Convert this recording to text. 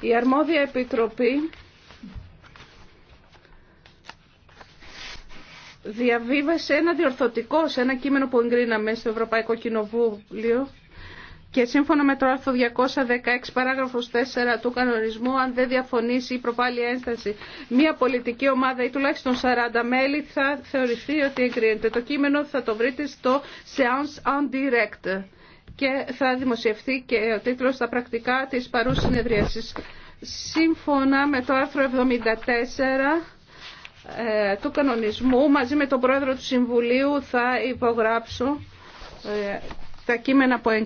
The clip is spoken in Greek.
Η αρμόδια επιτροπή διαβίβασε ένα διορθωτικό σε ένα κείμενο που εγκρίναμε στο Ευρωπαϊκό Κοινοβούλιο και σύμφωνα με το άρθρο 216 παράγραφος 4 του κανονισμού αν δεν διαφωνήσει ή προπάλλη ένσταση μια πολιτική ομάδα ή τουλάχιστον 40 μέλη θα θεωρηθεί ότι εγκρίνεται. Το κείμενο θα το βρείτε στο Seance on Direct και θα δημοσιευθεί και ο τίτλος στα πρακτικά της παρούς συνεδρίασης. Σύμφωνα με το άρθρο 74 ε, του κανονισμού, μαζί με τον πρόεδρο του Συμβουλίου θα υπογράψω ε, τα κείμενα που